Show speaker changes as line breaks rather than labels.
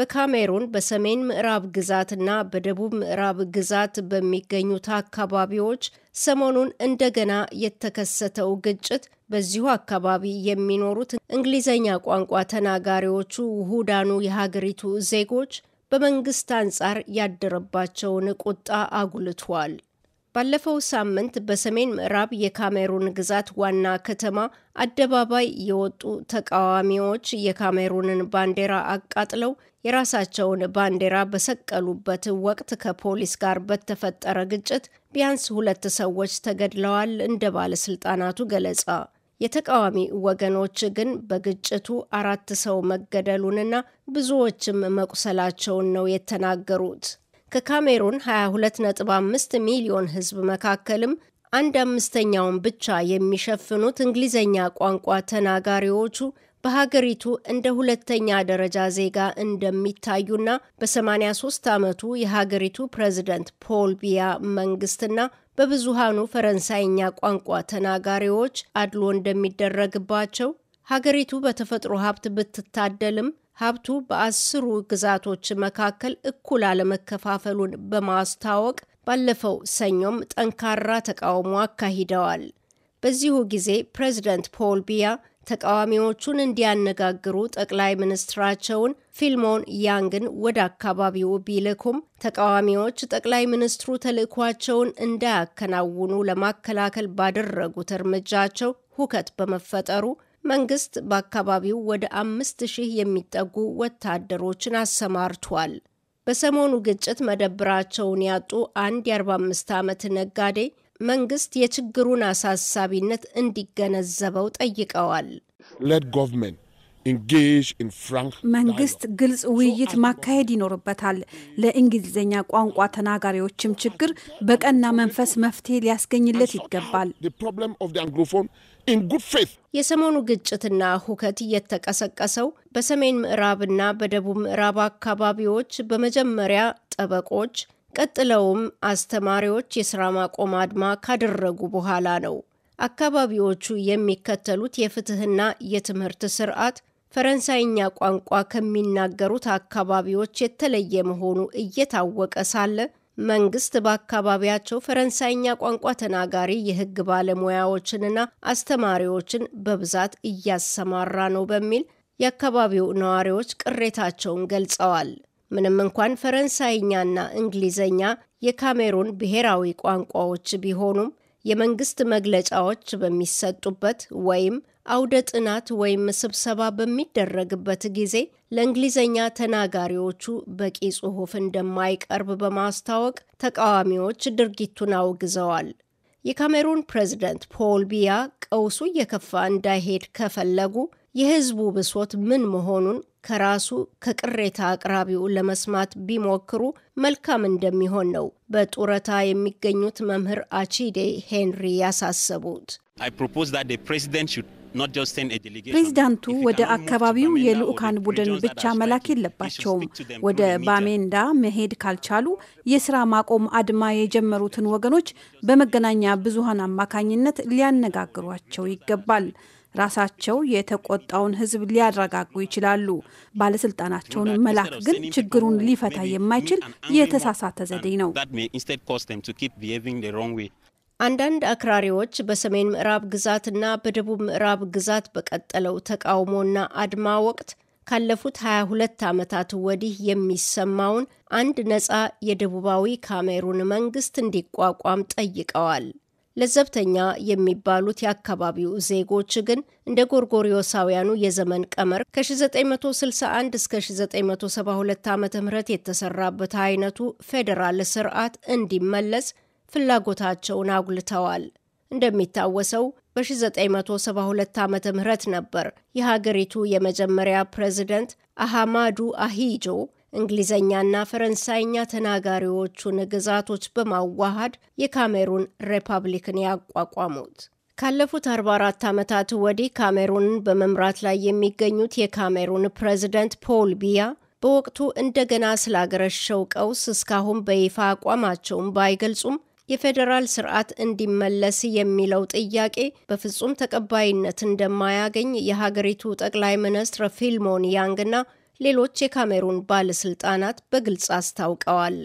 በካሜሩን በሰሜን ምዕራብ ግዛትና በደቡብ ምዕራብ ግዛት በሚገኙት አካባቢዎች ሰሞኑን እንደገና የተከሰተው ግጭት በዚሁ አካባቢ የሚኖሩት እንግሊዘኛ ቋንቋ ተናጋሪዎቹ ውሁዳኑ የሀገሪቱ ዜጎች በመንግስት አንጻር ያደረባቸውን ቁጣ አጉልቷል። ባለፈው ሳምንት በሰሜን ምዕራብ የካሜሩን ግዛት ዋና ከተማ አደባባይ የወጡ ተቃዋሚዎች የካሜሩንን ባንዲራ አቃጥለው የራሳቸውን ባንዲራ በሰቀሉበት ወቅት ከፖሊስ ጋር በተፈጠረ ግጭት ቢያንስ ሁለት ሰዎች ተገድለዋል እንደ ባለስልጣናቱ ገለጻ። የተቃዋሚ ወገኖች ግን በግጭቱ አራት ሰው መገደሉንና ብዙዎችም መቁሰላቸውን ነው የተናገሩት። ከካሜሩን 22.5 ሚሊዮን ህዝብ መካከልም አንድ አምስተኛውን ብቻ የሚሸፍኑት እንግሊዘኛ ቋንቋ ተናጋሪዎቹ በሀገሪቱ እንደ ሁለተኛ ደረጃ ዜጋ እንደሚታዩና በ83 ዓመቱ የሀገሪቱ ፕሬዚደንት ፖል ቢያ መንግስትና በብዙሃኑ ፈረንሳይኛ ቋንቋ ተናጋሪዎች አድሎ እንደሚደረግባቸው ሀገሪቱ በተፈጥሮ ሀብት ብትታደልም ሀብቱ በአስሩ ግዛቶች መካከል እኩል አለመከፋፈሉን በማስታወቅ ባለፈው ሰኞም ጠንካራ ተቃውሞ አካሂደዋል። በዚሁ ጊዜ ፕሬዚደንት ፖል ቢያ ተቃዋሚዎቹን እንዲያነጋግሩ ጠቅላይ ሚኒስትራቸውን ፊልሞን ያንግን ወደ አካባቢው ቢልኩም ተቃዋሚዎች ጠቅላይ ሚኒስትሩ ተልዕኳቸውን እንዳያከናውኑ ለማከላከል ባደረጉት እርምጃቸው ሁከት በመፈጠሩ መንግስት በአካባቢው ወደ አምስት ሺህ የሚጠጉ ወታደሮችን አሰማርቷል። በሰሞኑ ግጭት መደብራቸውን ያጡ አንድ የ45 ዓመት ነጋዴ መንግስት የችግሩን አሳሳቢነት እንዲገነዘበው ጠይቀዋል። መንግስት ግልጽ ውይይት ማካሄድ ይኖርበታል። ለእንግሊዝኛ ቋንቋ ተናጋሪዎችም ችግር በቀና መንፈስ መፍትሄ ሊያስገኝለት ይገባል። የሰሞኑ ግጭትና ሁከት እየተቀሰቀሰው በሰሜን ምዕራብና በደቡብ ምዕራብ አካባቢዎች በመጀመሪያ ጠበቆች ቀጥለውም አስተማሪዎች የስራ ማቆም አድማ ካደረጉ በኋላ ነው። አካባቢዎቹ የሚከተሉት የፍትህና የትምህርት ስርዓት ፈረንሳይኛ ቋንቋ ከሚናገሩት አካባቢዎች የተለየ መሆኑ እየታወቀ ሳለ መንግስት በአካባቢያቸው ፈረንሳይኛ ቋንቋ ተናጋሪ የህግ ባለሙያዎችንና አስተማሪዎችን በብዛት እያሰማራ ነው በሚል የአካባቢው ነዋሪዎች ቅሬታቸውን ገልጸዋል። ምንም እንኳን ፈረንሳይኛና እንግሊዘኛ የካሜሩን ብሔራዊ ቋንቋዎች ቢሆኑም የመንግስት መግለጫዎች በሚሰጡበት ወይም አውደ ጥናት ወይም ስብሰባ በሚደረግበት ጊዜ ለእንግሊዝኛ ተናጋሪዎቹ በቂ ጽሑፍ እንደማይቀርብ በማስታወቅ ተቃዋሚዎች ድርጊቱን አውግዘዋል። የካሜሩን ፕሬዝደንት ፖል ቢያ ቀውሱ እየከፋ እንዳይሄድ ከፈለጉ የህዝቡ ብሶት ምን መሆኑን ከራሱ ከቅሬታ አቅራቢው ለመስማት ቢሞክሩ መልካም እንደሚሆን ነው በጡረታ የሚገኙት መምህር አቺዴ ሄንሪ ያሳሰቡት። ፕሬዚዳንቱ ወደ አካባቢው የልዑካን ቡድን ብቻ መላክ የለባቸውም። ወደ ባሜንዳ መሄድ ካልቻሉ የስራ ማቆም አድማ የጀመሩትን ወገኖች በመገናኛ ብዙሃን አማካኝነት ሊያነጋግሯቸው ይገባል። ራሳቸው የተቆጣውን ሕዝብ ሊያረጋጉ ይችላሉ። ባለስልጣናቸውን መላክ ግን ችግሩን ሊፈታ የማይችል የተሳሳተ ዘዴ ነው። አንዳንድ አክራሪዎች በሰሜን ምዕራብ ግዛትና በደቡብ ምዕራብ ግዛት በቀጠለው ተቃውሞና አድማ ወቅት ካለፉት 22 ዓመታት ወዲህ የሚሰማውን አንድ ነፃ የደቡባዊ ካሜሩን መንግስት እንዲቋቋም ጠይቀዋል። ለዘብተኛ የሚባሉት የአካባቢው ዜጎች ግን እንደ ጎርጎሪዮሳውያኑ የዘመን ቀመር ከ1961 እስከ 1972 ዓ ም የተሰራበት አይነቱ ፌዴራል ስርዓት እንዲመለስ ፍላጎታቸውን አጉልተዋል። እንደሚታወሰው በ1972 ዓ ም ነበር የሀገሪቱ የመጀመሪያ ፕሬዚደንት አሃማዱ አሂጆ እንግሊዘኛና ፈረንሳይኛ ተናጋሪዎቹን ግዛቶች በማዋሃድ የካሜሩን ሪፐብሊክን ያቋቋሙት። ካለፉት 44 ዓመታት ወዲህ ካሜሩንን በመምራት ላይ የሚገኙት የካሜሩን ፕሬዚደንት ፖል ቢያ በወቅቱ እንደገና ስላገረሸው ቀውስ እስካሁን በይፋ አቋማቸውን ባይገልጹም የፌዴራል ስርዓት እንዲመለስ የሚለው ጥያቄ በፍጹም ተቀባይነት እንደማያገኝ የሀገሪቱ ጠቅላይ ሚኒስትር ፊልሞን ያንግና ሌሎች የካሜሩን ባለስልጣናት በግልጽ አስታውቀዋል።